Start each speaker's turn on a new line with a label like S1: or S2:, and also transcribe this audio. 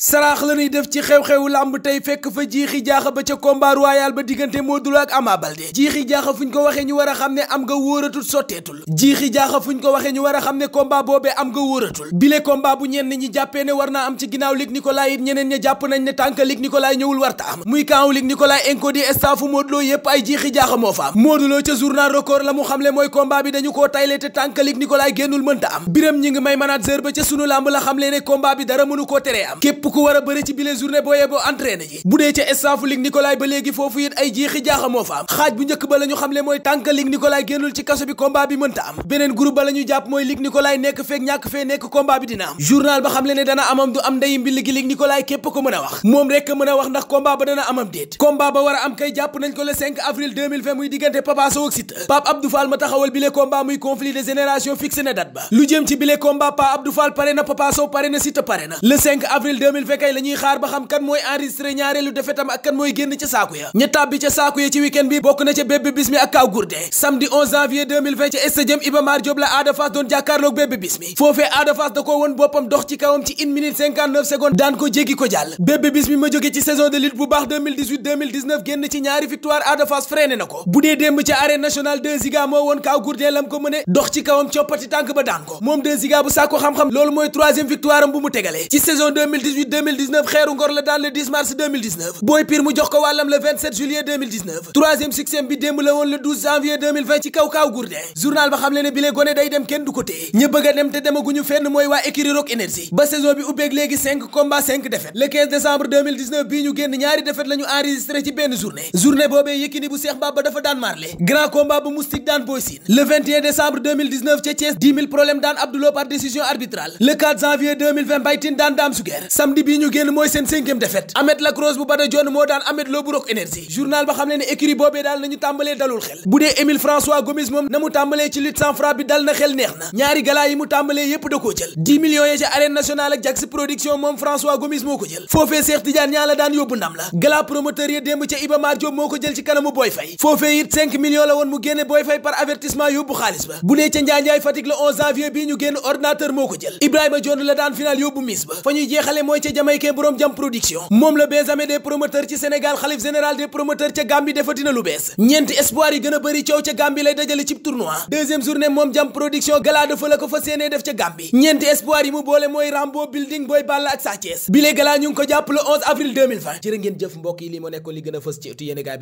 S1: saraax la ñuy def ci xew-xewu làmb tey fekk fa jiixi jaaxa ba ca combat royal ba diggante Modou Lo ak Ama Baldé jiixi jaaxa ñu ko waxee ñu war a xam ne am nga wóoratul sotteetul jiixi jaaxa fuñ ko waxee ñu war a xam ne combat boobee am nga wóoratul bile combat bu ñenn ñi jàppee ne war naa am ci ginnaaw Luc Nicolaï it ñeneen ña jàpp nañ ne tànk Luc Nicolaï ñëwul warta am muy kaaw Luc Nicolaï encodi staffu Modou Lo yépp ay jiixi jaaxa moo fa am Modou Lo ca journal record la mu xamle mooy combat bi dañu koo tayle te tànk Luc Nicolaï génnul mënta am biram ñi ngi may manager ba ca sunu làmb la xamle ne combat bi dara mënu koo teree am képp ku war a bëri ci bile journée booyee boo entraîné ji bu ca staffu Luc Nicolaï ba léegi foofu it ay jeexi jaaxa fa am xaaj bu njëkk ba la xamle mooy tànk Luc génnul ci kaso bi combat bi mënta am beneen groupe ba la jàpp mooy Luc Nicolaï nekk feek ñàkk fee nekk combat bi dina am journal ba xamle ne dana amam du am ndeyi mbill gi Luc Nicolaï képp ko mën a wax moom rekk mën a wax ndax combat ba dana amam déet combat ba war a 2000 xaar ba xam kan mooy enregistré ñaareelu defetam ak kan mooy génn ca saaku ya ñi tàbbi ca saaku ya ci week bi bokk na ca bébé bis mi ak kaw gourde samedi janvier ca stadium Iba Mar Diop la doon jàkkaarloog bébé bis mi foofee Ada Fass da woon boppam dox ci kawam ci 1 minute 59 daan ko jéggi ko jàll bébé bis mi ma jóge ci saison de lutte bu baax génn ci ñaari victoire Ada Fass na ko bu dee démb ca arène nationale 2 ziga 18 xeeru ngor la daan le mars booy pir mu jox ko wàllam le 27 juillet bi démb la woon le janvier ci kaw kaaw gourdin journal ba xam le ne bile gone day dem kenn du ko téye ñi bëgg dem te demaguñu fenn mooy waa écurie Rock Énergie ba saison bi ubbeeg léegi 5 combats 5 défaites le 15 ñu génn ñaari défaites la ñu ci benn journée journée boobee Yékini bu Seex Baba dafa daan marle grand combat bu moustique daan Boy Sine le samedi bii ñu bu Bada Dione moo daan Ahmed Lo bu Rock journal ba xam ne ne boobee daal nañu tàmbalee dalul xel bu dee Émile François Gomis moom na mu tàmbalee ci lutte sans frappe bi dal na xel neex na ñaari galaa yi mu tàmbalee yépp da koo jël 10 millions yi ci arène nationale ak Jax production moom François Gomis moo ko jël foofee Cheikh Tidiane ñaa la daan yóbbu ndam la gala promoteur ya démb ca Iba Mar moo ko jël ci kanamu Boy Faye foofee ca jamaykee boroom jam production moom la bees amee des ci Sénégal xalif général des promoteurs ca Gambie defatina lu bees ñeenti espoir yi gën a bëri coow ca Gambie lay dajale cib tournoi deuxième journée moom jam production galaa dafa la ko fa séenee def ca Gambie ñeenti espoir yi mu boole mooy Rambo building Boy Balla ak Sa Thiès bile ñu ngi ko jàpp le avril 2020 jërë ngeen jëf mbokk yi li mo nekkoon li gën a fës ci tu yéene gaay